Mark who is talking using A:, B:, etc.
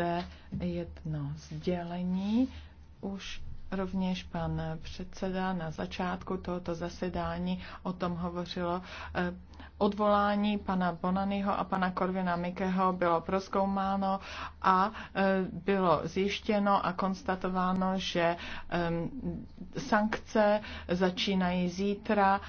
A: zde jedno sdělení. Už rovněž pan předseda na začátku tohoto zasedání o tom hovořilo. Eh, odvolání pana Bonanyho a pana Korvina Mikeho bylo proskoumáno a eh, bylo zjištěno a konstatováno, že ehm, sankce začínají zítra.